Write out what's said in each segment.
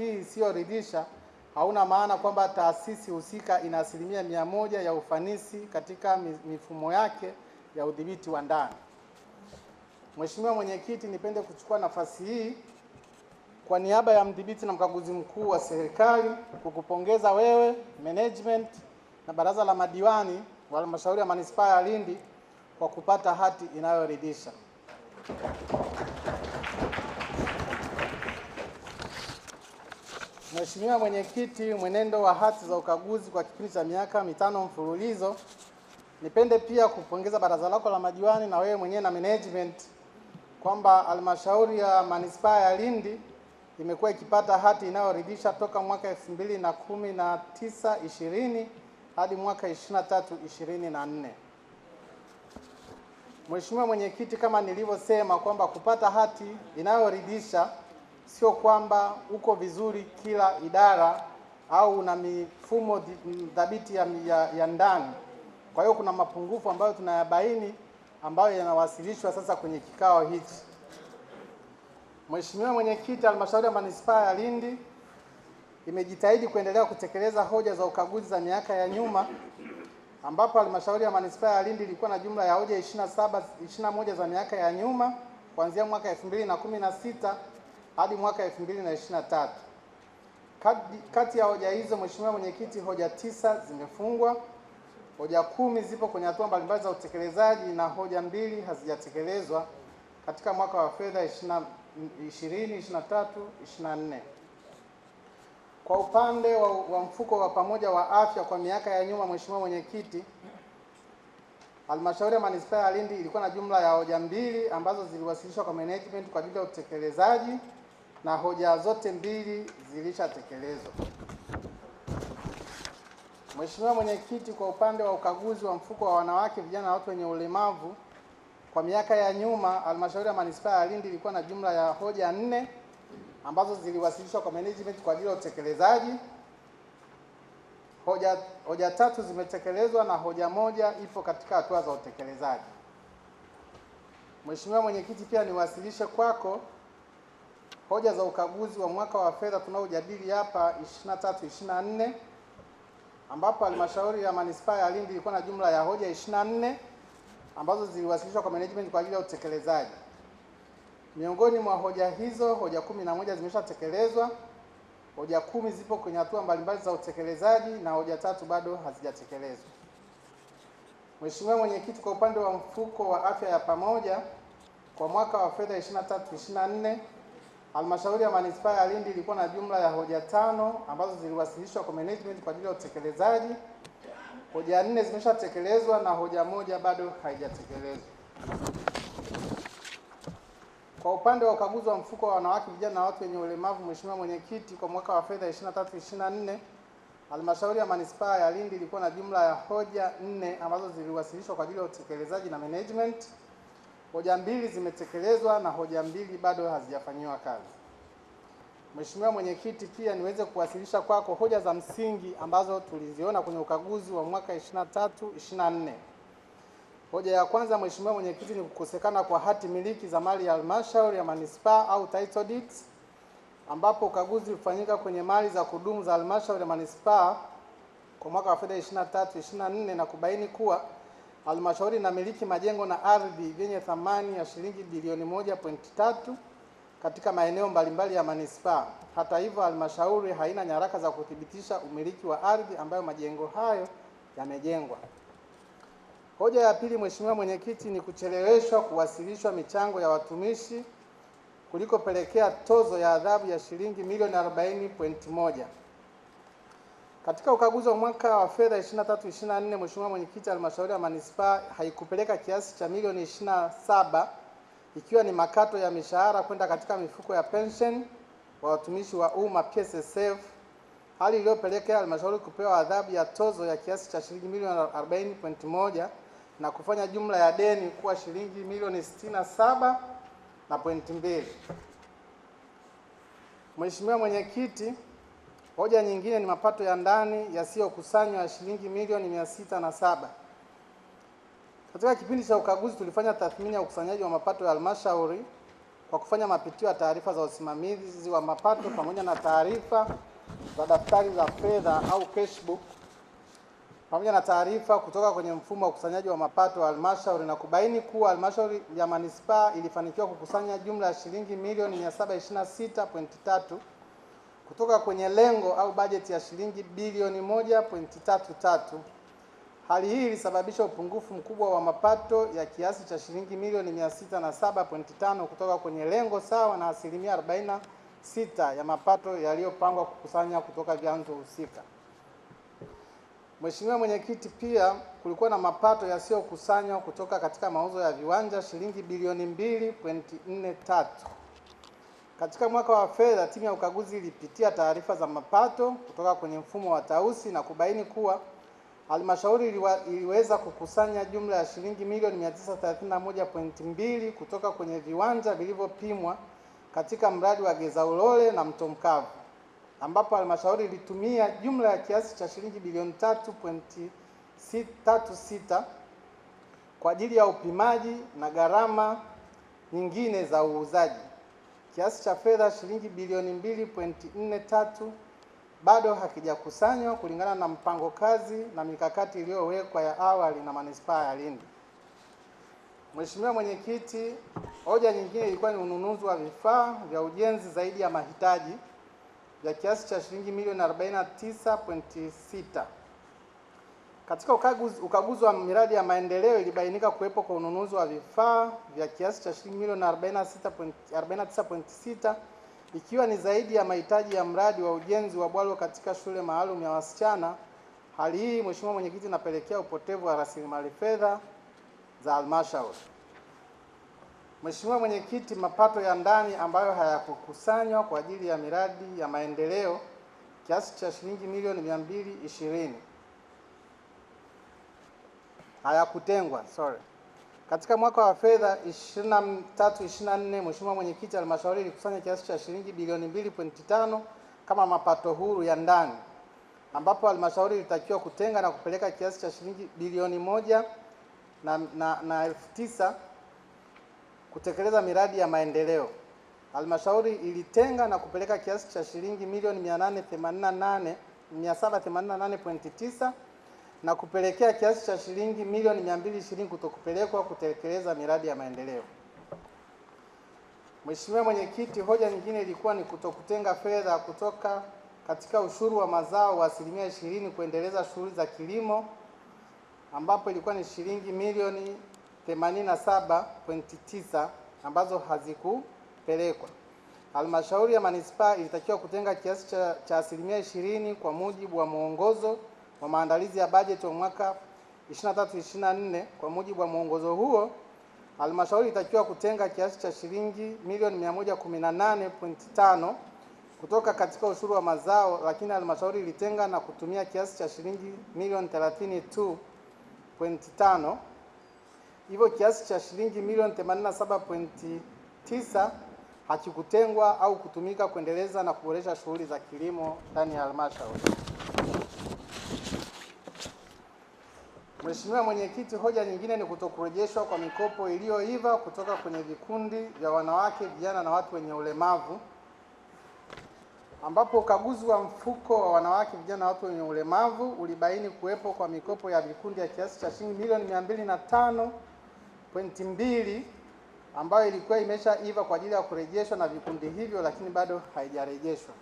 hii isiyoridhisha, hauna maana kwamba taasisi husika ina asilimia mia moja ya ufanisi katika mifumo yake ya udhibiti wa ndani. Mheshimiwa Mwenyekiti, nipende kuchukua nafasi hii kwa niaba ya mdhibiti na mkaguzi mkuu wa serikali kukupongeza wewe management na baraza la madiwani wa halmashauri ya manispaa ya Lindi kwa kupata hati inayoridhisha. Mheshimiwa Mwenyekiti, mwenendo wa hati za ukaguzi kwa kipindi cha miaka mitano mfululizo, nipende pia kupongeza baraza lako la madiwani na wewe mwenyewe na management kwamba halmashauri ya manispaa ya Lindi imekuwa ikipata hati inayoridhisha toka mwaka elfu mbili na kumi na tisa ishirini hadi mwaka ishirini na tatu ishirini na nne. Mheshimiwa Mwenyekiti, kama nilivyosema kwamba kupata hati inayoridhisha sio kwamba uko vizuri kila idara au una mifumo dhabiti ya, ya, ya ndani. Kwa hiyo kuna mapungufu ambayo tunayabaini ambayo yanawasilishwa sasa kwenye kikao hichi. Mheshimiwa Mwenyekiti, Halmashauri ya Manispaa ya Lindi imejitahidi kuendelea kutekeleza hoja za ukaguzi za miaka ya nyuma ambapo Halmashauri ya Manispaa ya Lindi ilikuwa na jumla ya hoja 27 21 za miaka ya nyuma kuanzia mwaka 2016 hadi mwaka 2023. Kati ya hoja hizo, Mheshimiwa Mwenyekiti, hoja tisa zimefungwa, hoja kumi zipo kwenye hatua mbalimbali za utekelezaji na hoja mbili hazijatekelezwa katika mwaka wa fedha 2023 24. Kwa upande wa, wa mfuko wa pamoja wa afya kwa miaka ya nyuma, Mheshimiwa Mwenyekiti, Halmashauri ya Manispaa ya Lindi ilikuwa na jumla ya hoja mbili ambazo ziliwasilishwa kwa management kwa ajili ya utekelezaji na hoja zote mbili zilishatekelezwa. Mheshimiwa Mwenyekiti, kwa upande wa ukaguzi wa mfuko wa wanawake, vijana na watu wenye ulemavu, kwa miaka ya nyuma halmashauri ya manispaa ya Lindi ilikuwa na jumla ya hoja nne ambazo ziliwasilishwa kwa management kwa ajili ya utekelezaji. Hoja, hoja tatu zimetekelezwa na hoja moja ipo katika hatua za utekelezaji. Mheshimiwa Mwenyekiti, pia niwasilishe kwako hoja za ukaguzi wa mwaka wa fedha tunaojadili hapa 23 24 ambapo halmashauri ya manispaa ya Lindi ilikuwa na jumla ya hoja 24 ambazo ziliwasilishwa kwa management kwa ajili ya utekelezaji. Miongoni mwa hoja hizo, hoja kumi na moja zimeshatekelezwa, hoja kumi zipo kwenye hatua mbalimbali za utekelezaji na hoja tatu bado hazijatekelezwa. Mheshimiwa Mwenyekiti, kwa upande wa mfuko wa afya ya pamoja kwa mwaka wa fedha 23 24 Halmashauri ya Manispaa ya Lindi ilikuwa na jumla ya hoja tano ambazo ziliwasilishwa kwa management kwa ajili ya utekelezaji. Hoja nne zimeshatekelezwa na hoja moja bado haijatekelezwa. Kwa upande wa ukaguzi wa mfuko wa wanawake, vijana na watu wenye ulemavu, Mheshimiwa Mwenyekiti, kwa mwaka wa fedha 23 24 Halmashauri ya Manispaa ya Lindi ilikuwa na jumla ya hoja nne ambazo ziliwasilishwa kwa ajili ya utekelezaji na management. Hoja mbili zimetekelezwa na hoja mbili bado hazijafanyiwa kazi. Mheshimiwa Mwenyekiti, pia niweze kuwasilisha kwako hoja za msingi ambazo tuliziona kwenye ukaguzi wa mwaka 23 24. Hoja ya kwanza Mheshimiwa Mwenyekiti ni kukosekana kwa hati miliki za mali ya halmashauri ya manispaa au title deeds, ambapo ukaguzi ulifanyika kwenye mali za kudumu za halmashauri ya manispaa kwa mwaka wa fedha 23 24 na kubaini kuwa halmashauri inamiliki majengo na ardhi yenye thamani ya shilingi bilioni 1.3 katika maeneo mbalimbali ya manispaa. Hata hivyo, halmashauri haina nyaraka za kuthibitisha umiliki wa ardhi ambayo majengo hayo yamejengwa. Hoja ya pili, Mheshimiwa Mwenyekiti, ni kucheleweshwa kuwasilishwa michango ya watumishi kulikopelekea tozo ya adhabu ya shilingi milioni 40.1 katika ukaguzi wa mwaka wa fedha 23 24, Mheshimiwa Mwenyekiti, halmashauri ya manispaa haikupeleka kiasi cha milioni 27 ikiwa ni makato ya mishahara kwenda katika mifuko ya pension wa watumishi wa umma PSSF, hali iliyopelekea halmashauri kupewa adhabu ya tozo ya kiasi cha shilingi milioni 40.1 na kufanya jumla ya deni kuwa shilingi milioni 67 na pointi mbili. Mheshimiwa Mwenyekiti Hoja nyingine ni mapato ya ndani yasiyokusanywa ya shilingi milioni mia sita na saba. Katika kipindi cha ukaguzi tulifanya tathmini ya ukusanyaji wa mapato ya halmashauri kwa kufanya mapitio ya taarifa za usimamizi wa mapato pamoja na taarifa za daftari za fedha au cashbook pamoja na taarifa kutoka kwenye mfumo wa ukusanyaji wa mapato ya halmashauri na kubaini kuwa halmashauri ya manispaa ilifanikiwa kukusanya jumla ya shilingi milioni 726.3 kutoka kwenye lengo au bajeti ya shilingi bilioni 1.33. Hali hii ilisababisha upungufu mkubwa wa mapato ya kiasi cha shilingi milioni 607.5 kutoka kwenye lengo sawa na asilimia 46 ya mapato yaliyopangwa kukusanya kutoka vyanzo husika. Mheshimiwa Mwenyekiti, pia kulikuwa na mapato yasiyokusanywa kutoka katika mauzo ya viwanja shilingi bilioni 2.43. Katika mwaka wa fedha, timu ya ukaguzi ilipitia taarifa za mapato kutoka kwenye mfumo wa Tausi na kubaini kuwa halmashauri iliweza kukusanya jumla ya shilingi milioni 931.2 kutoka kwenye viwanja vilivyopimwa katika mradi wa Geza Ulole na Mto Mkavu, ambapo halmashauri ilitumia jumla ya kiasi cha shilingi bilioni 3.36 kwa ajili ya upimaji na gharama nyingine za uuzaji kiasi cha fedha shilingi bilioni 2.43 bado hakijakusanywa kulingana na mpango kazi na mikakati iliyowekwa ya awali na manispaa ya Lindi. Mheshimiwa Mwenyekiti, hoja nyingine ilikuwa ni ununuzi wa vifaa vya ujenzi zaidi ya mahitaji vya kiasi cha shilingi milioni 49.6 katika ukaguzi, ukaguzi wa miradi ya maendeleo ilibainika kuwepo kwa ununuzi wa vifaa vya kiasi cha shilingi milioni 49.6 ikiwa ni zaidi ya mahitaji ya mradi wa ujenzi wa bwalo katika shule maalum ya wasichana. Hali hii Mheshimiwa Mwenyekiti, inapelekea upotevu wa rasilimali fedha za halmashauri. Mheshimiwa Mwenyekiti, mapato ya ndani ambayo hayakukusanywa kwa ajili ya miradi ya maendeleo kiasi cha shilingi milioni 220 hayakutengwa sorry. Katika mwaka wa fedha 23 24, Mheshimiwa Mwenyekiti, halmashauri ilikusanya kiasi cha shilingi bilioni 2.5 kama mapato huru ya ndani, ambapo halmashauri ilitakiwa kutenga na kupeleka kiasi cha shilingi bilioni moja na, na, na elfu tisa kutekeleza miradi ya maendeleo. Halmashauri ilitenga na kupeleka kiasi cha shilingi milioni 888 788.9 na kupelekea kiasi cha shilingi milioni 220 kutokupelekwa kutekeleza miradi ya maendeleo. Mheshimiwa Mwenyekiti, hoja nyingine ilikuwa ni kutokutenga fedha kutoka katika ushuru wa mazao wa asilimia ishirini kuendeleza shughuli za kilimo ambapo ilikuwa ni shilingi milioni 87.9 ambazo hazikupelekwa. Halmashauri ya manispaa ilitakiwa kutenga kiasi cha asilimia ishirini kwa mujibu wa mwongozo wa maandalizi ya bajeti wa mwaka 23/24. Kwa mujibu wa mwongozo huo, halmashauri itakiwa kutenga kiasi cha shilingi milioni 118.5 kutoka katika ushuru wa mazao, lakini halmashauri ilitenga na kutumia kiasi cha shilingi milioni 32.5. Hivyo kiasi cha shilingi milioni 87.9 hakikutengwa au kutumika kuendeleza na kuboresha shughuli za kilimo ndani ya halmashauri. Mheshimiwa Mwenyekiti, hoja nyingine ni kutokurejeshwa kwa mikopo iliyoiva kutoka kwenye vikundi vya wanawake, vijana na watu wenye ulemavu ambapo ukaguzi wa mfuko wa wanawake, vijana na watu wenye ulemavu ulibaini kuwepo kwa mikopo ya vikundi ya kiasi cha shilingi milioni mbili ambayo ilikuwa imeshaiva kwa ajili ya kurejeshwa na vikundi hivyo, lakini bado haijarejeshwa.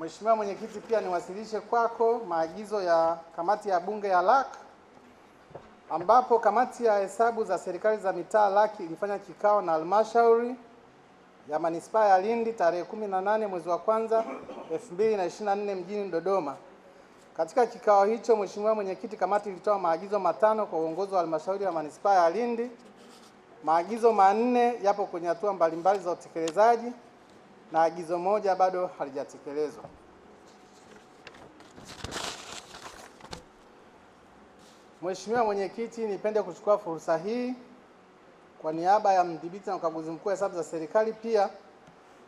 Mheshimiwa Mwenyekiti, pia niwasilishe kwako maagizo ya kamati ya bunge ya lak ambapo kamati ya hesabu za serikali za mitaa LAK ilifanya kikao na halmashauri ya manispaa ya Lindi tarehe 18 mwezi wa kwanza 2024 mjini Dodoma. Katika kikao hicho, Mheshimiwa Mwenyekiti, kamati ilitoa maagizo matano kwa uongozi wa halmashauri ya manispaa ya Lindi. Maagizo manne yapo kwenye hatua mbalimbali za utekelezaji na agizo moja bado halijatekelezwa. Mheshimiwa Mwenyekiti, nipende kuchukua fursa hii kwa niaba ya mdhibiti na mkaguzi mkuu wa hesabu za serikali pia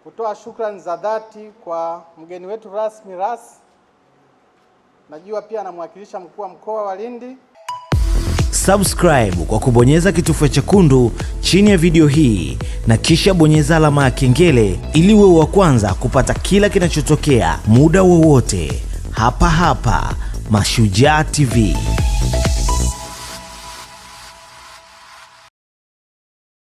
kutoa shukrani za dhati kwa mgeni wetu rasmi RAS, najua pia anamwakilisha mkuu wa mkoa wa Lindi subscribe kwa kubonyeza kitufe chekundu chini ya video hii na kisha bonyeza alama ya kengele ili uwe wa kwanza kupata kila kinachotokea muda wowote hapa hapa Mashujaa TV.